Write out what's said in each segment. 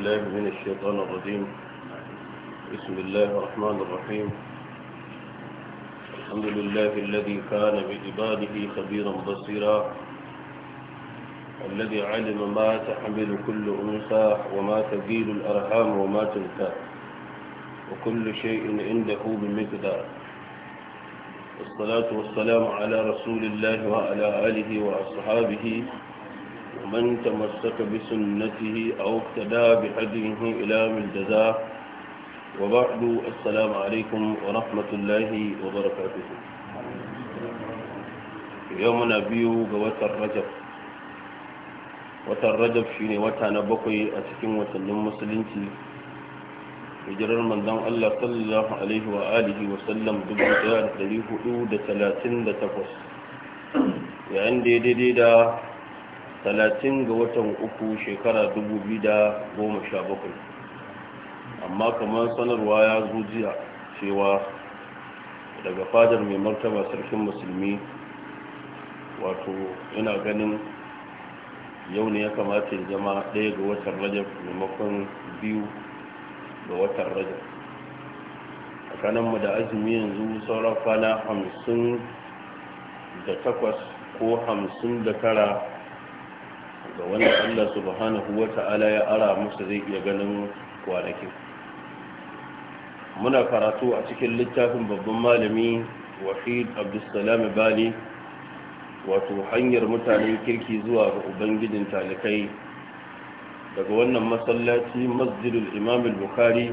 بالله من الشيطان الرجيم بسم الله الرحمن الرحيم الحمد لله الذي كان بعباده خبيرا بصيرا الذي علم ما تحمل كل أنثى وما تزيل الأرحام وما تنسى وكل شيء عنده بمقدار والصلاة والسلام على رسول الله وعلى آله وأصحابه من تمسك بسنته أو اقتدى بحديه إلى من جزاء وبعد السلام عليكم ورحمة الله وبركاته يوم نبيه قوات الرجب watan rajab shine wata na bakwai a cikin watannin musulunci hijirar manzon Allah sallallahu alaihi wa alihi wa sallam 1438 yayin da daidai da talatin ga watan uku shekara sha bakwai. amma kamar sanarwa ya zo jiya cewa daga fadar mai martaba sarkin musulmi wato ina ganin yau ne ya kamata ya zama ɗaya ga watan rajab maimakon biyu ga watan rajab tsakaninmu da azumi yanzu sauran kwana hamsin da takwas ko hamsin da tara ga wanda Allah subhanahu wata'ala ya ara masa zai iya ganin kwanaki muna karatu a cikin littafin babban malami wahid abdulsalam bali wato hanyar mutanen kirki zuwa ga ubangijin talikai daga wannan masallaci masjidul imam bukhari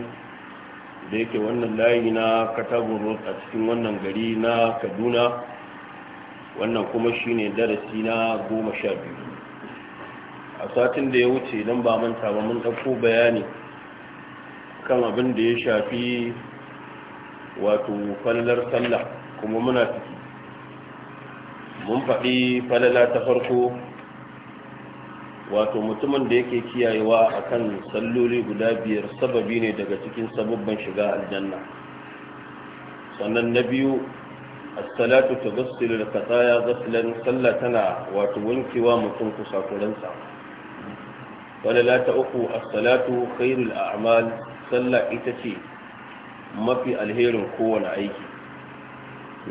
da yake wannan layi na katabun a cikin wannan gari na kaduna wannan kuma shine darasi na goma sha biyu a satin da ya wuce don ba manta ba mun ɗauko bayani kan abin da ya shafi wato fallar sallah kuma muna ciki mun faɗi falala ta farko wato mutumin da yake kiyayewa kan salloli guda biyar sababi ne daga cikin sababban shiga aljanna sannan na biyu asalatu ta da kataya gasilan sallah tana wato wankewa mutum kusa kuransa wani ta uku a salatu khairul a'mal sallah ita ce mafi alherin kowane aiki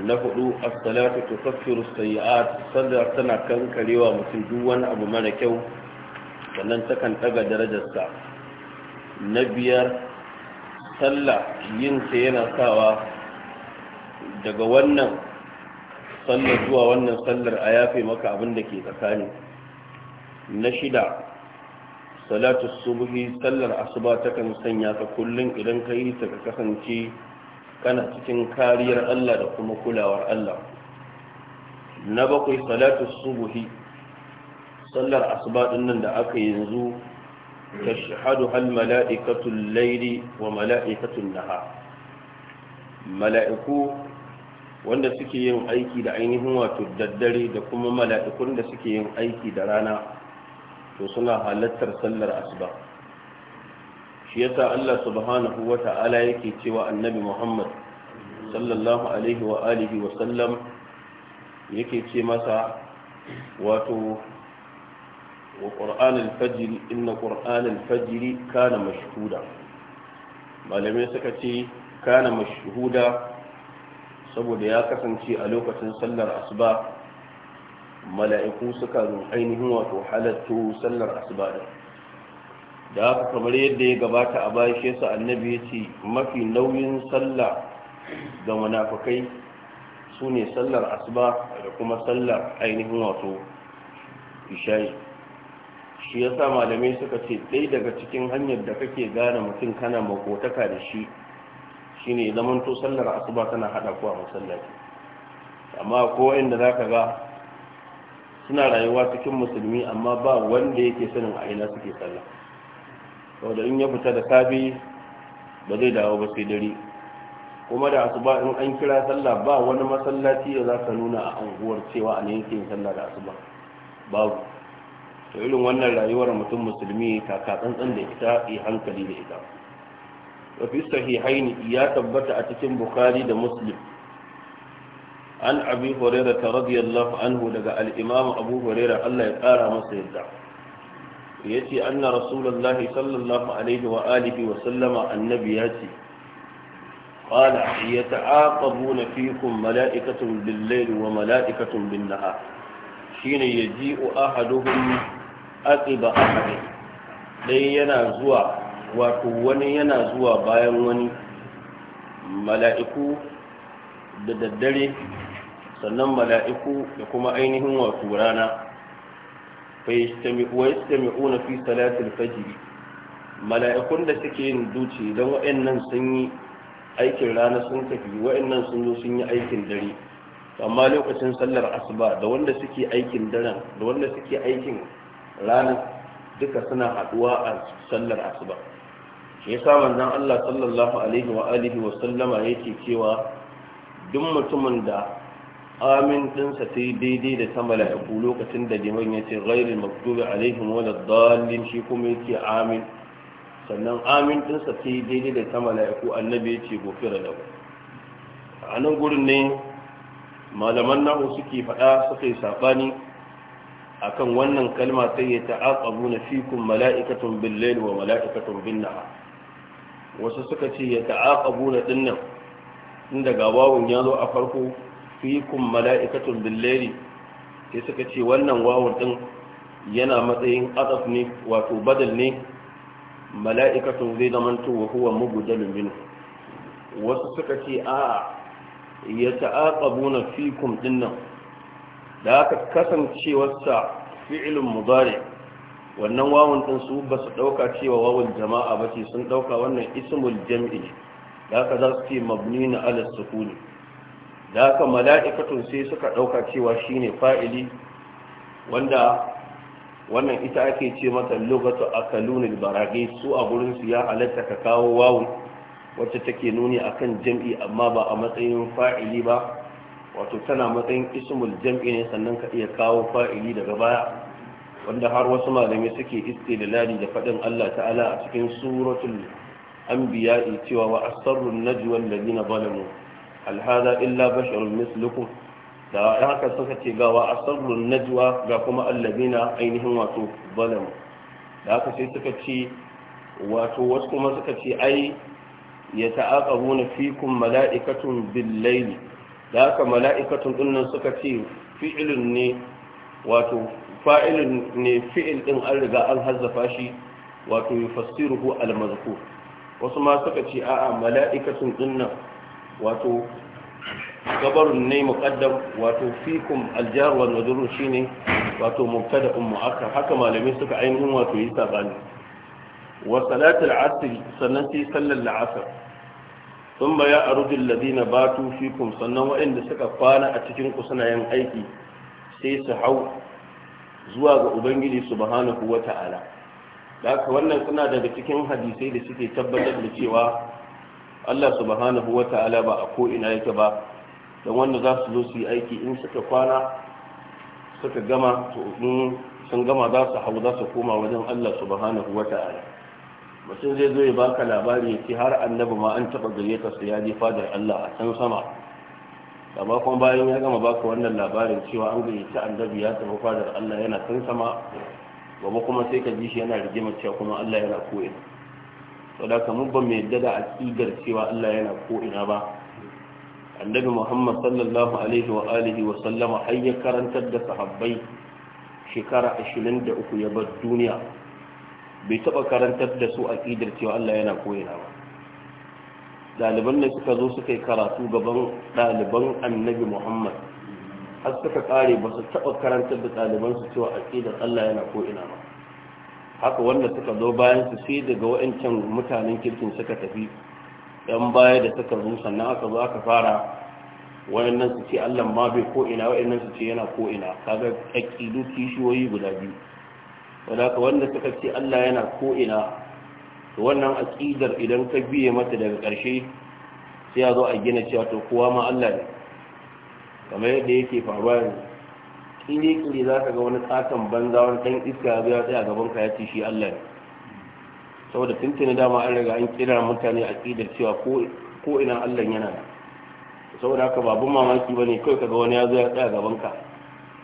na hudu a salatu tukaffiru sayi'at sallah tana kankarewa mutum duk wani abu mara kyau sannan takan daga darajarsa na biyar sallah yinta yana sawa daga wannan sallar zuwa wannan sallar a yafe maka abin da ke tsakani na shida salatu subuhi sallar asuba takan sanya ka kullum idan ka yi ta ka kasance kana cikin kariyar Allah da kuma kulawar Allah na bakwai salatu subuhi sallar asuba din nan da aka yanzu tashhadu hal mala'ikatul layli wa mala'ikatun nahar mala'iku wanda suke yin aiki da ainihin wato daddare da kuma mala'ikun da suke yin aiki da rana to suna halattar sallar asuba shi yasa Allah subhanahu wa ta'ala yake cewa annabi Muhammad sallallahu alaihi wa alihi wa sallam yake ce masa wato wa qur'an al-fajr inna qur'an al-fajr kana mashhuda malamai suka ce kana mashhuda saboda ya kasance a lokacin sallar asuba mala'iku sukan ainihin wato halatto sallar asuba da haka kamar yadda ya gabata a bayan shi yasa annabi ya ce mafi nauyin sallah ga munafikai ne sallar asuba da kuma sallar ainihin wato ishayi shi sa malamai suka ce ɗaya daga cikin hanyar da kake gane mutum kana makotaka da shi shine ne zamanto sallar asuba tana haɗa kuwa masallaci amma ko inda ka ga suna rayuwa cikin musulmi amma ba wanda yake sanin a ina suke sallah da in ya fita da safe ba zai dawo ba sai dare kuma da asuba in an kira sallah ba wani masallaci ya za nuna a anguwar cewa a ne sallah da asuba babu to irin wannan rayuwar mutum musulmi ka tsantsan da ita yi hankali da ita wa fi sahihaini ya tabbata a cikin bukhari da muslim an abi huraira ta radiyallahu anhu daga al'imamu abu huraira Allah ya ƙara masa yadda ya ce an na sallallahu alaihi wa alihi wa sallama annabi ya ce ƙala ya ta'aƙabu buna fikun mala'ikatun billaili wa mala'ikatun bin naha shi ne ya ji'u ahaduhun aqiba ahadin ɗaya yana zuwa wato wani yana zuwa bayan wani mala'iku da daddare sannan mala'iku da kuma ainihin wato rana una fi salatul fajiri mala'ikun da suke yin duce don waɗannan sun yi aikin rana sun tafi waɗannan sun zo sun yi aikin dare amma lokacin sallar asuba da wanda suke aikin daren da wanda suke aikin rana duka suna haɗuwa a sallar asuba ya yasa manzon Allah sallallahu alaihi wa alihi wa yake cewa duk mutumin da amin ɗinsa ta yi daidai da ta mala'iku lokacin da liman ya ce ghairi maktubi alaihim wala dalin shi kuma ya ce amin sannan amin ɗinsa ta yi daidai da ta mala'iku annabi ya ce gofira da a nan gurin ne malaman nahu suke faɗa suka yi saɓani a kan wannan kalma ta yi ta'aƙabu na fikun mala'ikatun bin lail wa mala'ikatun bin naha wasu suka ce ya ta'aƙabu na ɗinnan inda gabawun ya zo a farko fikun mala'ikatun billeri sai suka ce wannan wawon din yana matsayin azaf ne wato badal ne mala'ikatun zai zamanto wa huwa mubudalun min wasu suka ce a ya ta'aqabuna fikun dinnan da aka kasancewarsa fi'ilun mudari wannan wawon din su ba su ɗauka cewa wawon jama'a ba ce sun ɗauka wannan ismul jam'i da aka za su ce mabni na ala sukuni da haka mala'ikatun sai suka ɗauka cewa shine fa'ili wanda wannan ita ake ce mata a kalunin barage su a gurin su ya halatta ka kawo wawu wacce take nuni a kan jam'i amma ba a matsayin fa'ili ba wato tana matsayin ismul jam'i ne sannan ka iya kawo fa'ili daga baya wanda har wasu malamai suke iske da faɗin Allah ta'ala a cikin suratul anbiya cewa wa asrarun najwa allazina balamu alhaza illa basharun mislukum da haka suka ce gawa a asrarun najwa ga kuma allabina ainihin wato zalamu da haka sai suka ce wato wasu kuma suka ce ai ya ta'aqabuna fikum mala'ikatun bil-layli da haka mala'ikatun dinnan suka ce fi'ilun ne wato fa'ilun ne fi'il din an riga an hazzafa shi wato yufassiruhu al-mazkur wasu ma suka ce a'a mala'ikatun dinnan wato gabarun ne muqaddam wato fikum aljar wal majrur shine wato mubtada ummu akar haka malamai suka ainihin wato yi sabani wa salatul asr sannan sai sallar la'asar thumma ya arujul ladina batu fikum sannan wa'anda suka kwana a cikin ku suna yin aiki sai su hau zuwa ga ubangiji subhanahu wata'ala da haka wannan suna daga cikin hadisai da suke tabbatar da cewa Allah subhanahu wa ta'ala ba a ko'ina yake ba don wanda za su zo su yi aiki in suka kwana suka gama in sun gama za su hau za su koma wajen Allah subhanahu wa ta'ala mutum zai zo ya baka labari ya ce har annabi ma an taɓa gare ka su ya ji fadar Allah a can sama amma kuma bayan ya gama baka wannan labarin cewa an gayyaci annabi ya tafi fadar Allah yana can sama gobe kuma sai ka ji shi yana rigima cewa kuma Allah yana ko'ina. saboda kamar ba mai dada a aƙidar cewa Allah yana ko ina ba annabi Muhammad sallallahu alaihi wa alihi wa sallama har ya karantar da sahabbai shekara 23 ya bar duniya bai taba karantar da su a aƙidar cewa Allah yana ko ina ba Daliban ne suka zo suka yi karatu gaban daliban annabi Muhammad har suka kare ba su taɓa karantar da daliban su cewa aƙidar Allah yana ko ina ba haka wanda suka zo bayan su sai daga wa'ancan mutanen kirkin suka tafi yan baya da suka zo sannan aka zo aka fara wa'annan su ce Allah ma bai ko ina wa'annan su ce yana ko ina kaga aqidu kishiyoyi guda biyu wanda wanda suka ce Allah yana ko ina to wannan ƙidar idan ka biye mata daga ƙarshe sai ya zo a gina cewa to kowa ma Allah ne kamar yadda yake faruwa yanzu kire kire za ka ga wani katon banza wani ɗan iska ya biya tsaye a gaban ka ya ce shi Allah ne saboda tuntuni dama an riga an kira mutane a ƙidar cewa ko ina Allah yana da saboda haka babun mamaki ba ne kawai ka ga wani ya zo ya tsaya gaban ka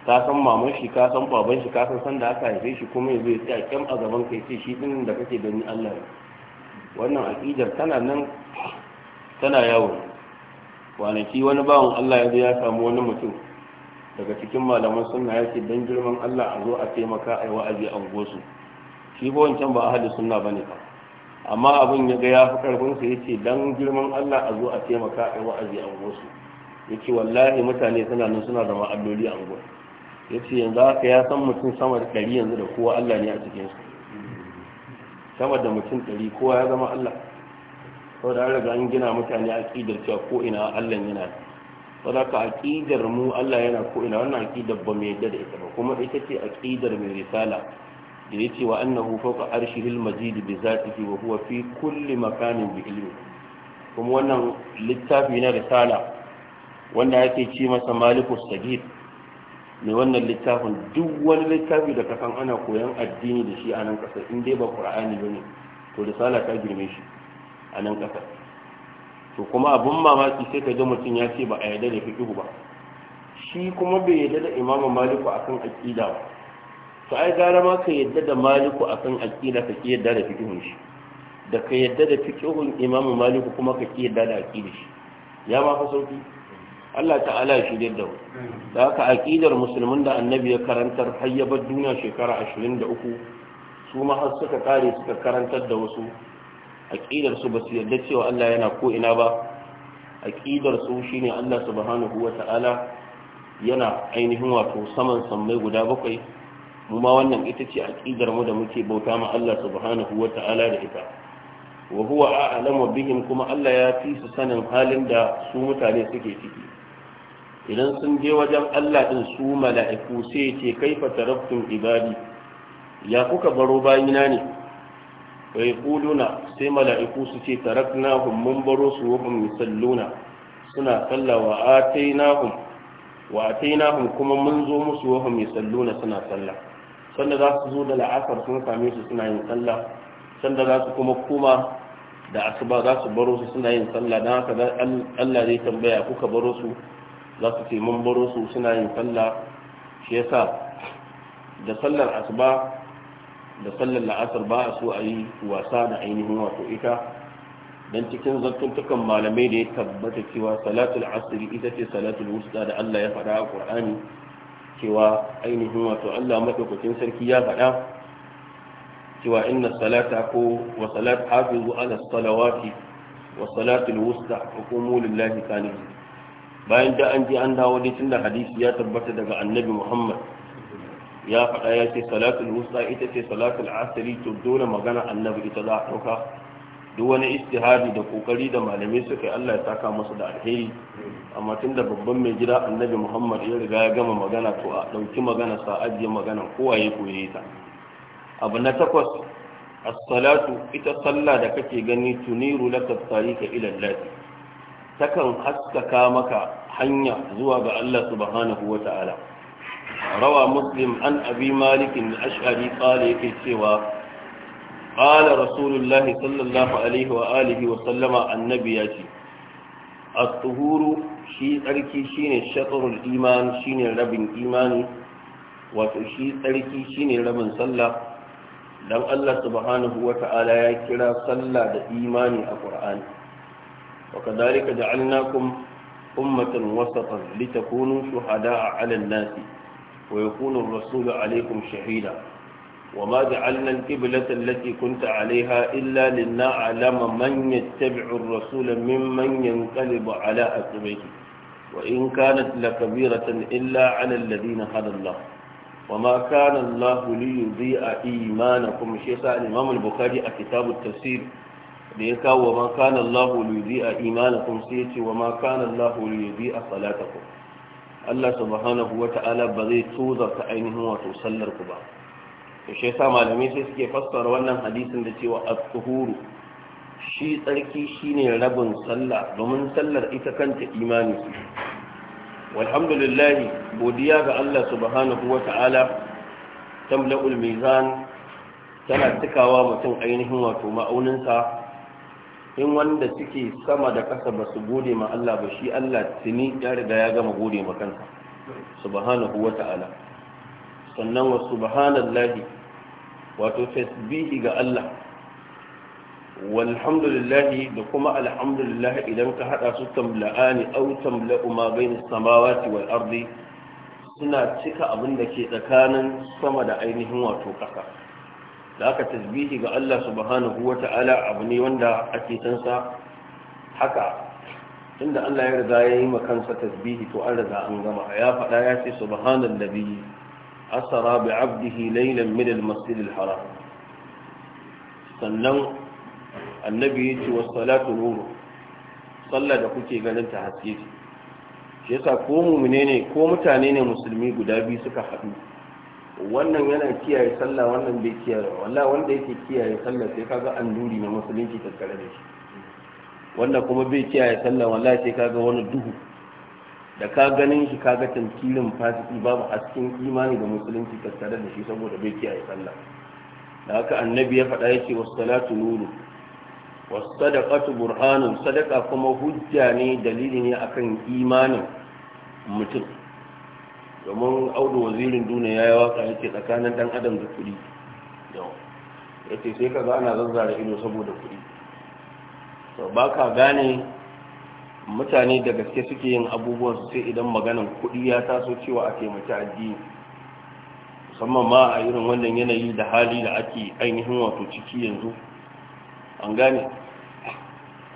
ka san maman shi ka san baban shi ka san sanda aka haife shi kuma ya zo ya tsaya kyam a gaban ka ya ce shi ɗin da kake gani Allah ne wannan aƙidar tana nan tana yawo kwanaki wani bawan Allah ya zo ya samu wani mutum daga cikin malaman sunna ya ce don girman Allah a zo a taimaka a yi wa'azi a gosu shi ba wancan ba ahli sunna ba ne fa amma abin ya ga ya fi karfin ya ce don girman Allah a zo a taimaka a yi wa'azi a gosu yace wallahi mutane suna nan suna da ma'alloli a gosu ya ce yanzu haka ya san mutum sama da ɗari yanzu da kowa Allah ne a cikinsu sama da mutum ɗari kowa ya zama Allah saboda an riga an gina mutane a ƙidar cewa ko ina Allah yana sadaka aƙidar mu Allah yana ko ina wannan aqidar ba mai yadda da ita ba kuma ita ce aƙidar mai risala da ce wa annahu fawqa arshil majid bi zatihi wa huwa fi kulli makanin bi ilmi kuma wannan littafi na risala wanda yake ce masa malikus sagir mai wannan littafin duk wani littafi da san ana koyan addini da shi a nan kasar in dai ba qur'ani bane to risala ta girme shi a nan kasar to kuma abun mamaki sai ka ji mutum ya ce ba a yarda da fiqhu ba shi kuma bai yarda da imamu maliku akan aqida ba to ai gara ma ka yarda da maliku akan aqida ka ki yarda da fiqhun shi da ka yarda da fiqhun imamu maliku kuma ka ki yarda da aqida shi ya ma fa sauki Allah ta'ala ya shirye da da haka aqidar musulmin da annabi ya karantar hayyabar duniya shekara 23 su ma har suka kare suka karantar da wasu ba su basu yarda cewa Allah yana ko ina ba aqidar shi ne Allah subhanahu wata'ala yana ainihin wato saman sammai guda bakwai mu ma wannan ita ce aqidar mu da muke bauta ma Allah subhanahu da ita wa huwa a'lamu bihim kuma Allah ya fi su sanin halin da su mutane suke ciki idan sun je wajen Allah din su mala'iku sai ce kaifa tarabtum ibadi ya kuka baro bayina ne bai kuluna sai mala'iku su ce tarakna hun mun baro su wahun misalluna suna sallah wa atainahum wa atainahum kuma mun zo musu wahun misalluna suna sallah sanda za su zo da la'asar sun same su suna yin sallah sanda za su kuma kuma da asuba za su baro su suna yin sallah don haka Allah zai tambaya kuka baro su za su ce mun baro su suna yin sallah shi yasa da sallar asuba da sallar la'asar ba a so a yi wasa da ainihin wato ita don cikin zartuntukan malamai da ya tabbata cewa salatul asiri ita ce salatul wusta da Allah ya faɗa a ƙur'ani cewa ainihin wato Allah maɗaukakin sarki ya faɗa cewa inna salata ko wa salat hafizu ala salawati wa salatul wusta hukumu lillahi kanin bayan da an ji an dawo da hadisi ya tabbata daga annabi Muhammad ya faɗa ya ce salatul wusa ita ce salatul asiri to dole magana annabi ita za a ɗauka duk wani istihadi da kokari da malamai suka yi Allah ya saka masa da alheri amma tun da babban mai gida annabi Muhammad ya riga ya gama magana to a ɗauki magana sa ajiye magana kowa ya koye ta abu na takwas as-salatu ita sallah da kake gani tuniru laka tarika ila Allah takan haskaka maka hanya zuwa ga Allah subhanahu wata'ala روى مسلم عن أبي مالك الأشعري قال يكسوا قال رسول الله صلى wa sallama annabi ya ce. A الطهور shi tsarki shine shatrul iman ne rabin imani wato shi tsarki ne rabin sallah don Allah subhanahu ya kira sallah da imani a Qur'ani wa kadhalika ja'alnakum ummatan wasatan shuhada a 'alan nasi ويكون الرسول عليكم شهيدا وما جعلنا القبلة التي كنت عليها إلا لنعلم من يتبع الرسول ممن ينقلب على عقبيه وإن كانت لكبيرة إلا على الذين هدى الله وما كان الله ليضيع إيمانكم شيخ الإمام البخاري كتاب التفسير ليكا وما كان الله ليضيع إيمانكم سيتي وما كان الله ليضيع صلاتكم Allah subhanahu wata'ala ba zai tozarta ainihin wato sallar ku ba to shi yasa malamai sai suke fassara wannan hadisin da cewa at-tuhuru shi tsarki shine rabin sallah domin sallar ita kanta imani walhamdulillah godiya ga Allah subhanahu wata'ala tamla'ul mizan tana cikawa mutum ainihin wato ma'auninsa in wanda suke sama da ƙasa ba su gode ma Allah ba shi Allah tuni ya riga ya gama gode ma kansa subhanahu wa ta'ala sannan wa subhanallahi wato tasbihi ga Allah walhamdulillahi da kuma alhamdulillah idan ka hada su tamla'ani aw tamla'u ma bayna samawati wal ardi suna cika abin da ke tsakanin sama da ainihin wato ƙasa da aka tasbihi ga Allah subhanahu ta'ala abu ne wanda ake san haka tunda Allah ya riga ya yi kansa tasbihi to an riga an gama ya faɗa ya ce subhanan nabi asara bi abdihi laylan min al-masjid al-haram sannan annabi ya ce was salatu nuru sallah da kuke ganin ta haske shi yasa ko mu'mine ne ko mutane ne musulmi guda biyu suka haɗu wannan yana kiyaye sallah wannan bai kiyaye wallahi wanda yake kiyaye sallah sai kaga an duri na musulunci tattare da shi wanda kuma bai kiyaye sallah wallahi sai kaga wani duhu da ka ganin shi kaga tamkilin fasiki babu askin imani da musulunci tattare da shi saboda bai kiyaye sallah da haka annabi ya faɗa yace was salatu nuru was sadaqatu burhanun sadaqa kuma hujja ne dalili ne akan imanin mutum domin audu wazirin duniya ya waka yake tsakanin dan adam da kuɗi ya ce sai ka ga ana zazzara ido saboda kuɗi to ba ka gane mutane da gaske suke yin abubuwan su sai idan maganan kuɗi ya taso cewa a taimaki addini musamman ma a irin wannan yanayi da hali da ake ainihin wato ciki yanzu an gane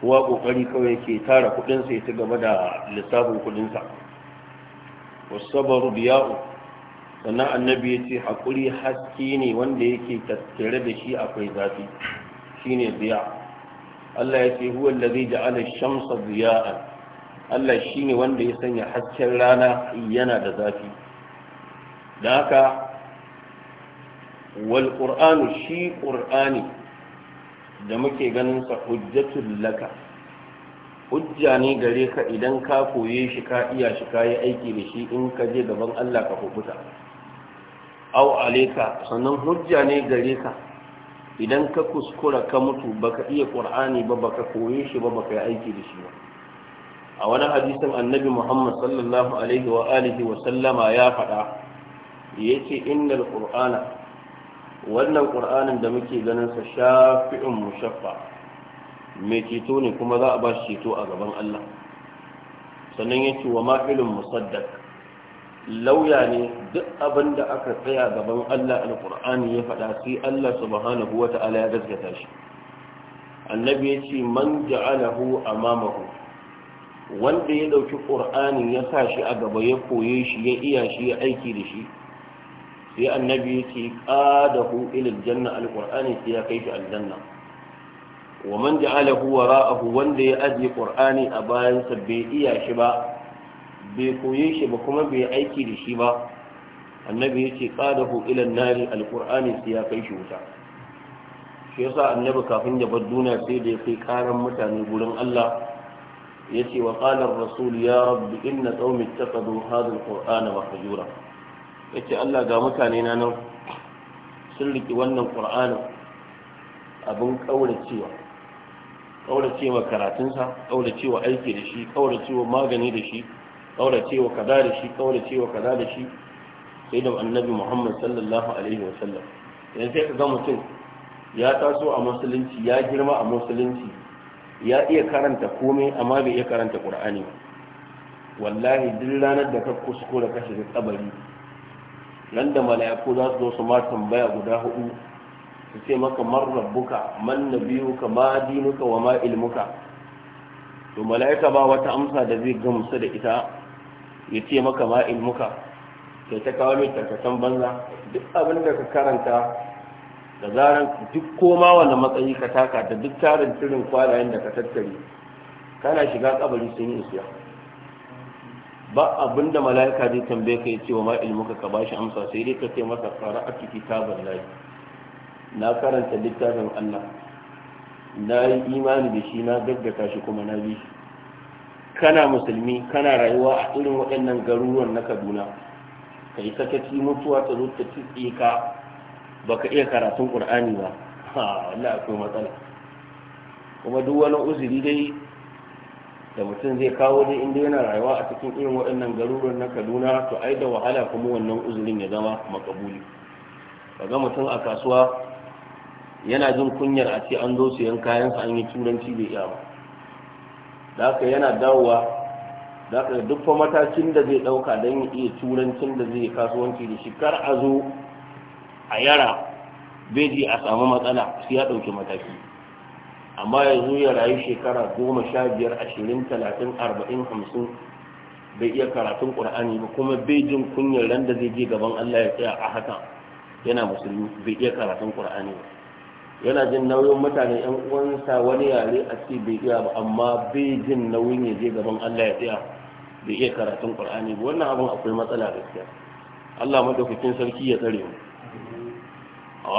kowa kokari kawai ke tara kuɗinsa ya ci gaba da lissafin kuɗinsa wasabaru biya'u sannan annabi ya ce haƙuri haske ne wanda yake tattare da shi akwai zafi shine biya Allah ya ce huwa allazi ja'ala ash-shamsa diya'an Allah shine wanda ya sanya hasken rana yana da zafi da haka wal shi ƙur'ani da muke ganin sa hujjatul laka hujja ne gare ka idan ka koye shi ka iya shi ka yi aiki da shi in ka je gaban Allah ka kubuta au aleka sannan hujja ne gare ka idan ka kuskura ka mutu baka iya qur'ani ba baka koye shi ba baka yi aiki da shi ba a wani hadisin annabi Muhammad sallallahu alaihi wa alihi wa sallama ya faɗa yace innal qur'ana wannan qur'anin da muke ganin sa shafi'un mushaffa mai ceto ne kuma za a ba shi ceto a gaban Allah sannan ya ce wa ma'ilin lauya ne duk abin da aka tsaya gaban Allah alkur'ani ya faɗa sai Allah subhanahu wa ta'ala ya gaskata shi annabi ya ce man ja'alahu amamahu wanda ya ɗauki ƙur'ani ya sa shi a gaba ya koye shi ya iya shi ya aiki da shi sai annabi ya ce ƙadahu ilil janna alkur'ani sai ya kai shi aljanna wa man ja'alahu Ra'ahu wanda ya ajiye qur'ani a bayan sa bai iya shi ba bai koye shi ba kuma bai aiki da shi ba annabi yace qadahu ila an-nari al-qur'ani sai ya kai shi wuta shi yasa annabi kafin ya bar duniya sai da ya kai karan mutane gurin Allah yace wa qala ar-rasul ya rabbi inna qaumi ittaqadu hadha al-qur'ana mahjura yace Allah ga mutane na nan sun riki wannan qur'anin abin cewa. kaurace wa karatunsa kaurace aiki da shi kaurace wa magani da shi kaurace kaza da shi kaurace kaza da shi sai da annabi Muhammad sallallahu alaihi wa sallam idan sai ka ga mutum ya taso a musulunci ya girma a musulunci ya iya karanta komai amma bai iya karanta Qur'ani wallahi duk ranar da ka kuskura ka shiga tsabari. nan da mala'iku za su zo su ma tambaya guda hudu su ce maka man na biyu ka ma dinuka wa ma ilmuka to mala'ika ba wata amsa da zai gamsu da ita ya ce maka ma ilmuka sai ta kawo mai tarkatan banza duk abin da ka karanta da zaran duk koma wani matsayi ka taka da duk tarin cirin kwalayen da ka tattari. kana shiga kabari sun yi isiya ba abin da mala'ika zai tambaye ka ya ce wa ma ilmuka ka ba shi amsa sai dai ka ce masa fara a ciki tabar layi na karanta littafin Allah na yi imani da shi na gaggata shi kuma na bi shi kana musulmi kana rayuwa a irin waɗannan garuruwan na kaduna ka yi sakaci mutuwa ta zo ta tsitse ka iya karatun ƙur'ani ba ha wallahi akwai matsala kuma duk wani uzuri dai da mutum zai kawo dai inda yana rayuwa a cikin irin waɗannan garuruwan na kaduna to ai da wahala kuma wannan uzurin ya zama makabuli ka ga mutum a kasuwa yana jin kunyar a ce an zo siyan kayansa an yi turanci bai iya ba da haka yana dawowa da haka duk fa matakin da zai ɗauka don ya iya turancin da zai kasuwanci da shi kar a zo a yara bai ji a samu matsala sai ya ɗauki mataki amma ya zo ya rayu shekara goma sha biyar ashirin talatin arba'in hamsin bai iya karatun ƙur'ani ba kuma bai jin kunyar ran da zai je gaban allah ya tsaya a haka yana musulmi bai iya karatun ƙur'ani ba yana jin nauyin mutane yan uwansa wani yare a ci bai iya ba amma bai jin nauyin ya je gaban Allah ya tsaya bai iya karatun Qur'ani ba wannan abin akwai matsala gaskiya Allah madaukakin sarki ya tsare mu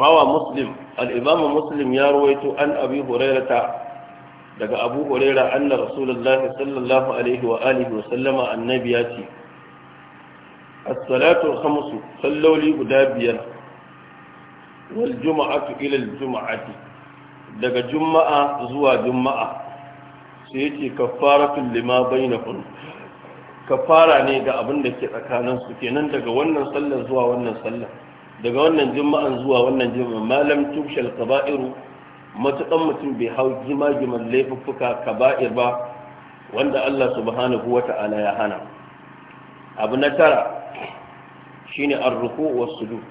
rawa muslim al-imam muslim ya ruwaito an abi hurairata daga abu huraira anna rasulullah sallallahu alaihi wa alihi wa sallama annabi ya ce as-salatu khamsu salloli guda biyar wal juma'atu ila al juma'ati daga juma'a zuwa juma'a sai yace kafaratun lima bainakum kafara ne ga abin da ke tsakanin su kenan daga wannan sallar zuwa wannan sallar daga wannan juma'an zuwa wannan juma'a malam tushal qaba'iru matukan mutum bai hau gima-giman laifuffuka kaba'ir ba wanda Allah subhanahu wata'ala ya hana abu na tara shine ar-ruku' was-sujud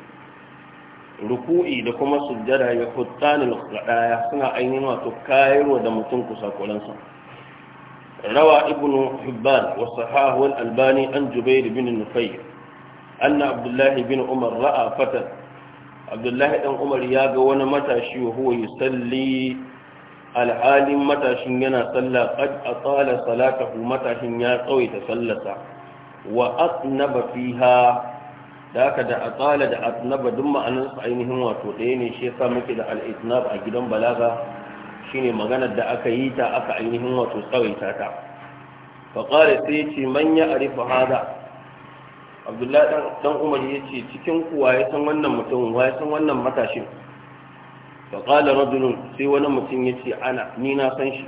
ruku'i da kuma sujjada ya hutsanil gadaya suna ainihin wato kayarwa da mutum kusa kulansa rawa ibn hibban wa sahahu wal albani an jubair bin nufay anna abdullahi bin umar ra'a fatan abdullahi dan umar ya ga wani matashi wa huwa yusalli alhalin matashin yana sallah qad atala salatahu matashin ya tsawaita sallata wa atnaba fiha da haka da a tsala da atnaba duk ma'anar su ainihin wato ɗaya ne shi ya muke da al a gidan balaga shine maganar da aka yi ta aka ainihin wato tsawaita ta fa qala sai ce man ya arifa hada abdullahi dan umar yace cikin kuwa ya san wannan mutum wa ya san wannan matashin fa qala rajulun sai wani mutum yace ana ni na san shi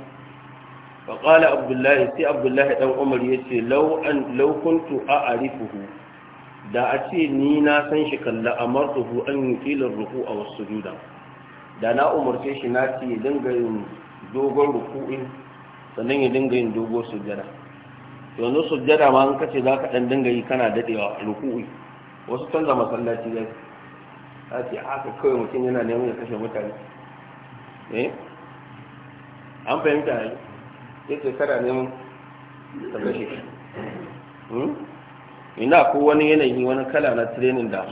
fa qala abdullahi sai abdullahi dan umar yace law an law kuntu a'rifuhu da a ce ni na san shi kalla a amartuhu an yi filin yutilir a wasu juda. da na umarce shi na ce dinga yin dogon ruku'in sannan ya dinga yin dogon sujjada yanzu sujjada ma an kace ka dan dinga yi kana dadewa ruku'i wasu canza masallaci ya ta ce haka kawai mutum yana neman ya kashe mutane eh an fahimta ya ce kada neman ta kashe hmm? ina ko wani yanayi wani kala na tirenin da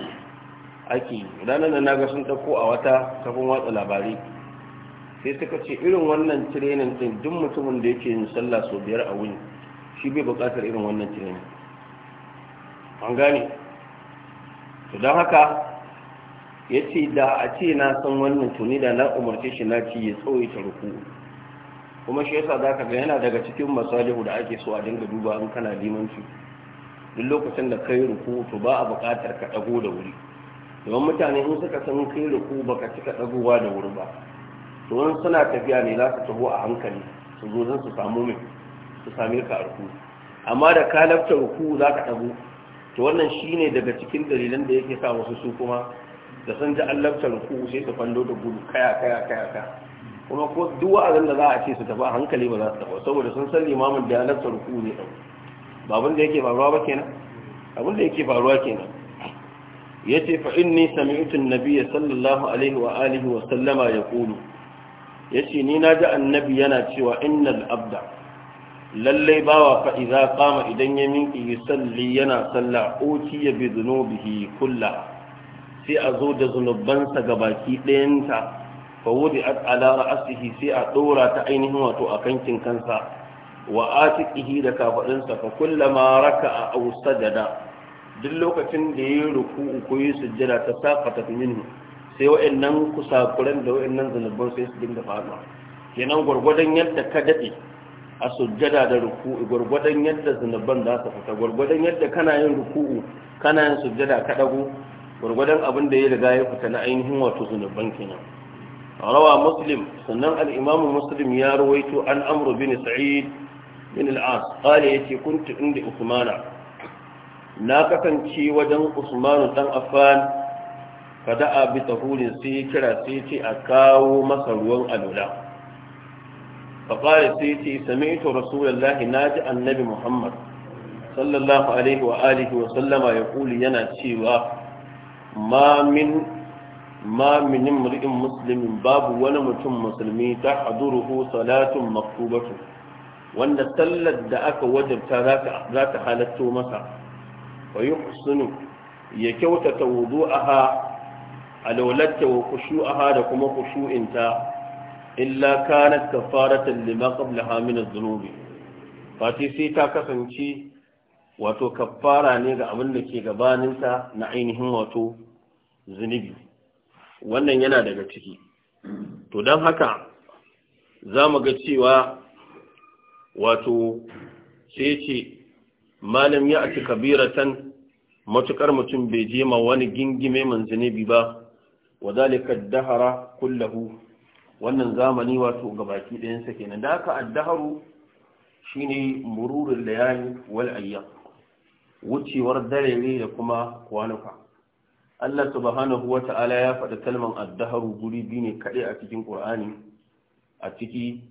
ake ranar da naga sun ɗauko a wata kafin watsa labarai sai suka ce irin wannan trenin din duk mutumin da yake yin sallah sau biyar a wuni shi bai buƙatar irin wannan tirenin. an gane to don haka ya ce da a ce na san wannan tuni da na umarce shi na ci ya tsawaita ruku kuma shi yasa za ka ga yana daga cikin masalihu da ake so a dinga duba in kana limanci duk lokacin da kai ruku to ba a buƙatar ka ɗago da wuri domin mutane in suka san kai ruku ba ka cika ɗagowa da wuri ba to wani suna tafiya ne za su taho a hankali su zo zan su samu mai su same ka a ruku amma da ka lafta ruku za ka ɗago to wannan shine daga cikin dalilan da yake sa wasu su kuma da sun ji an lafta ruku sai su fando da gudu kaya kaya kaya kuma ko duk wa'azin da za a ce su tafi a hankali ba za su tafi saboda sun san limamin da ya lafta ruku ne ɗau babun da yake faruwa ba kenan abin da yake faruwa kenan yace fa inni sami'tu an-nabiyya sallallahu alaihi wa alihi wa sallama yaqulu yace ni naji annabi yana cewa innal abda lalle bawa fa idza qama idan ya minki yusalli yana salla uti bi dhunubihi kullah sai a zo da zunubansa gabaki ɗayanta fa wudi'at ala ra'sihi sai a dora ta ainihin wato akan kankin kansa wa atiqihi da kafadinsa fa kullama raka'a aw sajada duk lokacin da yayi ruku'u ko yayi sujjada ta saqata minhu sai wa'annan kusakuran da wa'annan zanubban sai su dinga faruwa kenan gurgurdan yadda ka dade a sujjada da ruku'u gurgurdan yadda zanubban za su fita gurgurdan yadda kana yin ruku'u kana yin sujjada ka dago gurgurdan abin da ya riga ya fita na ainihin wato zanubban kenan rawa muslim sannan al-imamu muslim ya rawaito an amru bin sa'id bin al'as ƙale ya ce kuntu inda usmana na kasance wajen usmanu ɗan afan ka bi tahurin sai ya kira sai ce a kawo masa ruwan alula faƙari sai ce sami ito rasulallah na ji annabi muhammad sallallahu alaihi wa alihi wa sallama ya yana cewa ma min ma babu wani mutum musulmi ta haduruhu salatun maktubatu wanda sallar da aka wajabta za ta halatto masa wa yi ya kyautata wudu'aha alawlatta wa ha da kuma kushuinta illa kanat kafaratan lima qablaha min adh fati sai ta kasance wato kafara ne ga abin da ke gabaninta na ainihin wato zunubi wannan yana daga ciki to don haka za mu ga cewa wato sai ce malam ya ati kabiratan matukar mutum bai je ma wani gingime manzanebi ba wa zalika dahara kullahu wannan zamani wato gabaki ɗayan sa kenan da aka addaharu shine mururul layali wal ayyam wucewar dare da kuma kwanuka Allah subhanahu wa ta'ala ya faɗi kalman addaharu guri biyu ne kaɗai a cikin ƙur'ani a ciki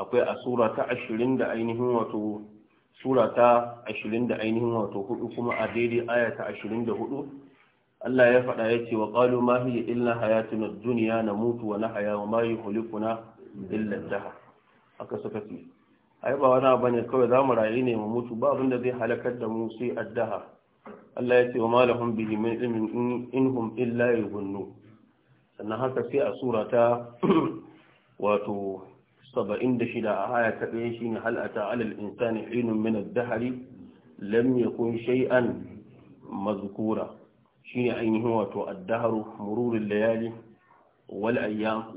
akwai a sura ta ashirin da ainihin wato sura ta ashirin da ainihin wato hudu kuma a daidai aya ta ashirin da hudu Allah ya faɗa ya ce wa ƙalu ma hiya illa duniya na mutu wa na haya wa ma hulikuna illa aka suka ce ai ba wani abu ne kawai za mu rayu ne mu mutu ba abin da zai halakar da mu sai addaha Allah ya ce wa ma lahum bihi min ilmin in hum illa yughunnu sannan haka sai a sura ta wato saba'in da shida a haya ta ɗaya shi ne hal'ata alal insani hinun minas ad-dahri lam yakun shine ainihin wato ad mururin layali wal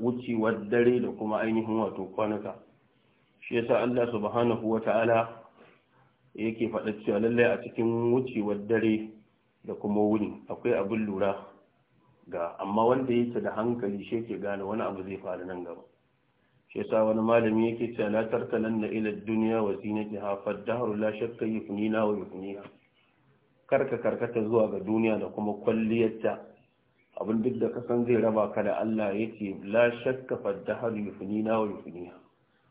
wucewar dare da kuma ainihin wato kwanuka shi yasa Allah subhanahu ta'ala yake faɗa cewa lallai a cikin wucewar dare da kuma wuni akwai abin lura ga amma wanda yake da hankali shi ke gane wani abu zai faru nan gaba shi yasa wani malami yake ce la tarkalan na ila duniya wa zinatiha fa dahru la shakka na wa yufniha karka karkata zuwa ga duniya da kuma kwalliyarta abin duk da kasan zai raba ka da Allah yake la shakka fa dahru na wa yufniha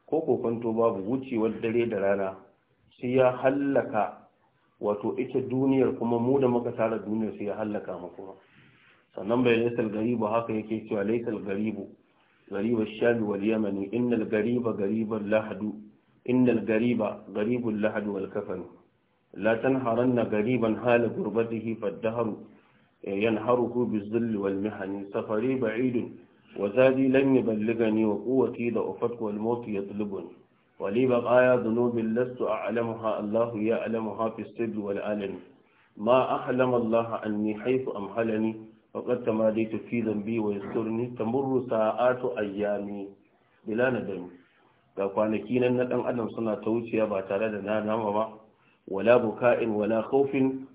ko kokonto babu wucewar dare da rana sai ya hallaka wato ita duniyar kuma mu da muka tara duniyar sai ya hallaka mu kuma sannan bai laisal garibu haka yake cewa laisal garibu غريب الشام واليمن إن الغريب غريب اللحد إن الغريب غريب اللحد والكفن لا تنهرن غريبا حال غربته فالدهر ينهره بالذل والمحن سفري بعيد وزادي لم يبلغني وقوتي لأفتك والموت يطلبني ولي بقايا ذنوب لست أعلمها الله يعلمها في السر والعلن ما أحلم الله أني حيث أمهلني وقد ديت في ذنبي ويسترني تمر ساعات ايامي بلا ندم ga kwanaki nan na dan adam suna ta wuciya ba tare da na nama ba wala buka'in wala khaufin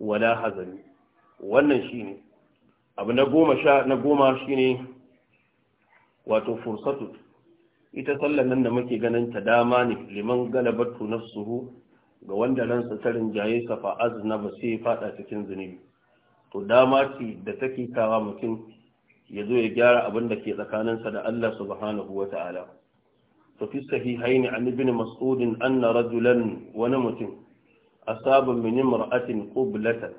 wala hazani wannan shine abu na goma sha na goma shine wato fursatu ita sallan nan da muke ganin ta dama ne liman galabatu nafsuhu ga wanda ransa tarin rinjaye sa fa aznaba sai fada cikin zunubi to dama ce da take kawa mutum ya zo ya gyara abin da ke tsakaninsa da Allah subhanahu wa ta'ala. Tafi sahihain an ibn mas'udin an rajulan wani mutum asaba min imra'atin qublatan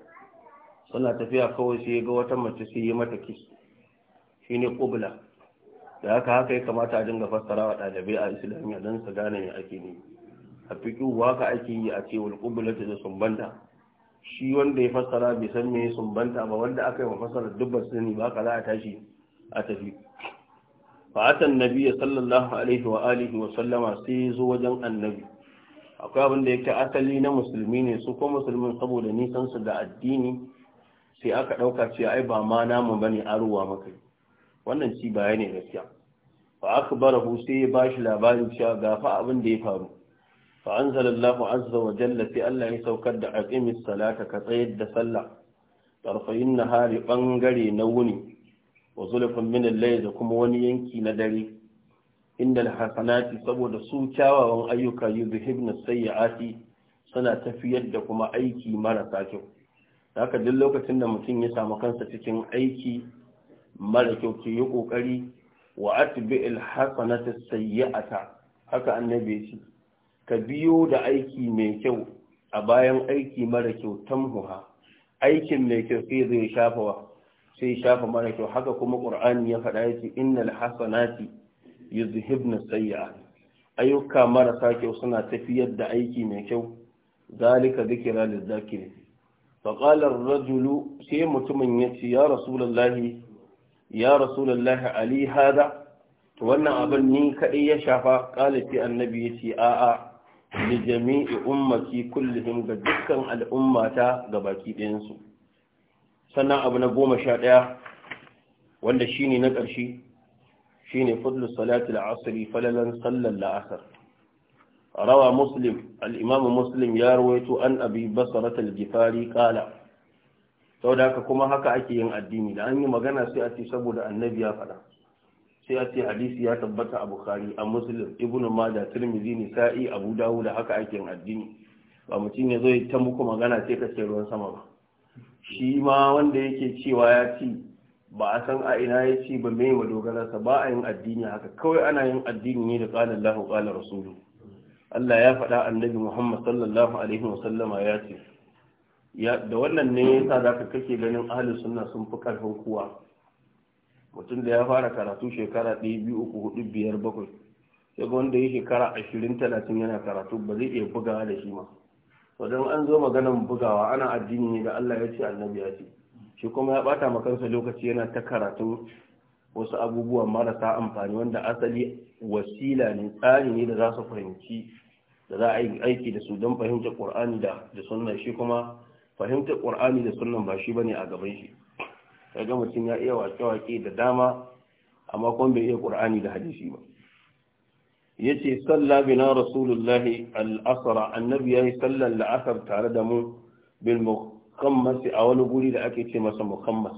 suna tafiya kawai sai ga wata mace sai yi mata kis shine qubla da haka haka ya kamata a dinga fassara wa dalibai a islamiyya dan su gane me ake ne a fiqhu haka ake yi a cewa qublatu da sumbanta shi wanda ya fassara bai san me sumbanta ba wanda aka yi mafassarar dubbar sani ba ka za a tashi a tafi fa'atan nabi sallallahu alaihi wa alihi wa sallama sai zo wajen annabi akwai abin da yake asali na musulmi ne su ko musulmin saboda nisan su da addini sai aka dauka ce ai ba ma namu bane aruwa maka wannan ci baya ne gaskiya fa akbarahu sai ya bashi labarin cewa gafa abin da ya faru فأنزل الله عز وجل في ألا يسوكد أقيم الصلاة كطيد دسلع طرفي النهار بانغري نوني وظلف من الليل كم ونينكي ندري إن الحسنات صبود سوكاوا وان أيوكا يذهبن السيئات سنة في يدكم أيكي مرساكو ساكو duk دلوك سنة mutum ya samu kansa cikin aiki mara kyau ke yi kokari wa atbi al hasanata haka annabi ya ka biyo da aiki mai kyau a bayan aiki mara kyau tamhuha aikin mai kyau sai zai shafa wa sai shafa mara kyau haka kuma qur'ani ya faɗa yace innal hasanati yuzhibna sayyi'at ayyuka marasa kyau suna tafiyar da aiki mai kyau zalika dhikra lizakirin fa qala ar-rajulu sai mutumin yace ya rasulullahi ya rasulullahi ali hada wannan abin ni kadai ya shafa qala sai annabi yace a'a li jami'i ummati kullum ga dukkan al'ummata ga baki ɗayansu sannan abu na goma sha ɗaya wanda ne na ƙarshe shine fadlu salati al-asri falalan sallan la'asar rawa muslim al'imamin muslim ya rawaito an abi basarat al-gifari Sau da haka kuma haka ake yin addini da an yi magana sai a ce saboda annabi ya faɗa sai a ce hadisi ya tabbata a bukhari a muslim ibn majah tirmidhi nisa'i abu dawud da haka ake addini ba mutum ya zo ya ta muku magana sai ka ruwan sama ba shi ma wanda yake cewa ya ci ba a san a ina ya ci ba mai madogararsa ba a yin addini haka kawai ana yin addini ne da qala Allahu qala rasulu Allah ya faɗa annabi Muhammad sallallahu alaihi wasallama ya ce da wannan ne yasa zaka kake ganin ahlus sunna sun fi karfin kowa mutum da ya fara karatu shekara ɗaya biyu uku hudu biyar bakwai sai wanda ya shekara ashirin talatin yana karatu ba zai iya bugawa da shi ma wajen an zo maganan bugawa ana addini ne da Allah ya ce annabi ya ce shi kuma ya bata ma kansa lokaci yana ta karatu wasu abubuwa marasa amfani wanda asali wasila ne tsari ne da za su fahimci da za a yi aiki da su don fahimtar qur'ani da da sunna shi kuma fahimtar qur'ani da sunna ba shi bane a gaban shi ga mutum ya iya wake-wake da dama amma kuma bai iya ƙur'ani da hadisi ba yace salla bina rasulullahi al annabi ya yi sallan la'asar tare da mu bin muqammas a wani guri da ake ce masa muqammas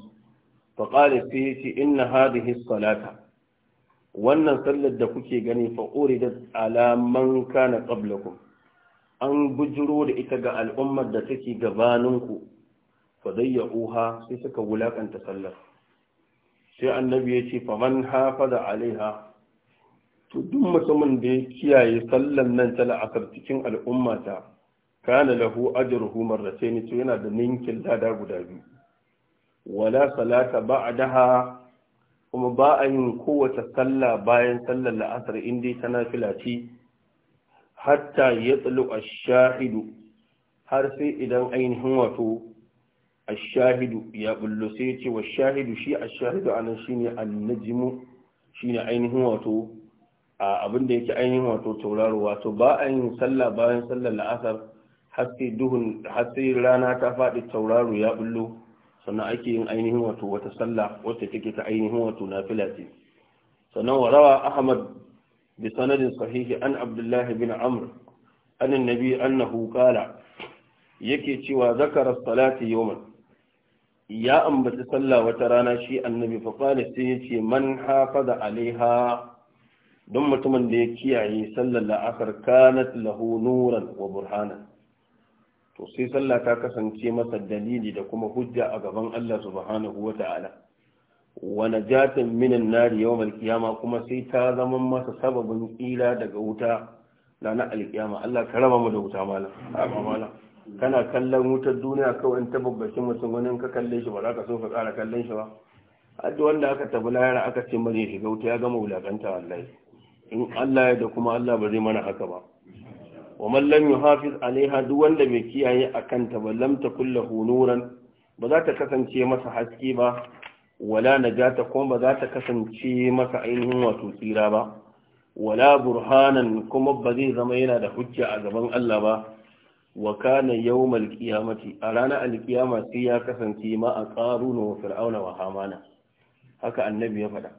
fa qala sai yace inna hadhihi salata wannan sallar da kuke gani fa uridat ala man kana qablakum an bujiro da ita ga al'ummar da take gabaninku fadayya'uha sai suka wulakanta sallar sai annabi ya ce faman da alaiha to duk mutumin da ya kiyaye sallan nan ta la'asar cikin al'ummata kana lahu ajruhu marratayn to yana da ninkin lada guda biyu wala salata ba'daha kuma ba a yin kowace sallah bayan sallar la'asar inda ta nafila ce hatta ya tsalo a sha'idu har sai idan ainihin wato ashahidu ya bullo sai ya ce wa shahidu shi ashahidu anan shine annajmu shine ainihin wato abin da yake ainihin wato tauraro wato ba a yin sallah bayan sallar la'asar haske duhun haske rana ta faɗi tauraro ya bullo sannan ake yin ainihin wato wata sallah wacce take ta ainihin wato nafila ce sannan wa rawa ahmad bi sahihi an abdullahi bin amr an annabi annahu qala yake cewa zakarar salati yawman ya ambaci sallah wata rana shi annabi faƙali sai ya ce man hafa da alaiha don mutumin da ya kiyaye sallar la'asar kanat lahu nuran wa burhanan to sai sallah ta kasance masa dalili da kuma hujja a gaban Allah subhanahu wa ta'ala wa najatan minan nari yawmal Malkiyama kuma sai ta zama masa sababin ƙila daga wuta na alkiyama Allah ka raba mu da wuta malam kana kallon wutar duniya kawai in ta babbakin mutum wani ka kalle shi ba za ka so ka ƙara kallon shi ba hadda wanda aka tabi lahira aka ce mana shiga wuta ya gama wulaƙanta, wallahi in Allah ya da kuma Allah ba zai mana haka ba wa man lam yuhafiz alaiha duk wanda bai kiyaye a ta ba lam ta lahu nuran ba za ta kasance masa haske ba wala najata kuma ba za ta kasance masa ainihin wato tsira ba wala burhanan kuma ba zai zama yana da hujja a gaban Allah ba wa kana yawmal qiyamati a ranar alkiyama sai ya kasance ma a qaruna wa fir'auna wa hamana haka annabi ya faɗa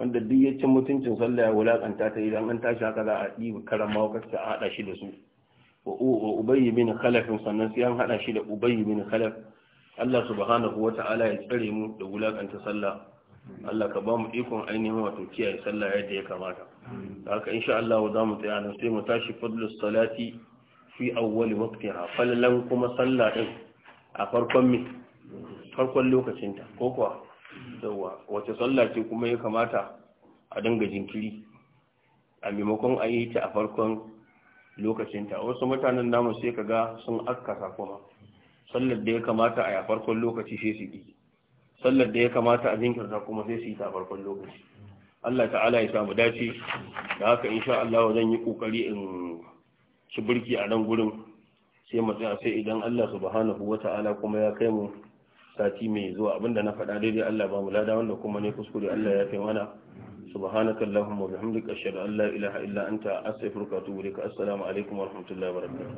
wanda duk ya ci mutuncin sallah ya wulakanta ta idan an tashi haka za a ɗiba karan mawakasta a haɗa shi da su wa ubayy bin khalaf sannan sai an haɗa shi da ubayy bin khalaf Allah subhanahu wa ta'ala ya tsare mu da wulakanta sallah Allah ka ba mu ikon ainihin wato kiyaye sallah yadda ya kamata haka insha Allah za mu tsaya nan sai mu tashi fadlus salati fi awwali waqtiha fallan kuma salla din a farkon mi farkon lokacinta ko kuwa yawa wace salla ce kuma ya kamata a dinga jinkiri a maimakon a yi ta a farkon lokacinta wasu mutanen namu sai kaga sun akkasa kuma sallar da ya kamata a yi a farkon lokaci sai su yi sallar da ya kamata a jinkirta kuma sai su yi ta a farkon lokaci Allah ta'ala ya samu dace da haka insha Allah zan yi kokari in ci birki a nan gurin sai mu sai idan Allah subhanahu wata'ala kuma ya kai mu sati mai zuwa abinda na faɗa daidai Allah ba mu lada wanda kuma ne kuskure Allah ya fi mana subhanaka allahumma wa bihamdika ashhadu an la ilaha illa anta astaghfiruka wa atubu ilaik assalamu alaikum wa rahmatullahi wa barakatuh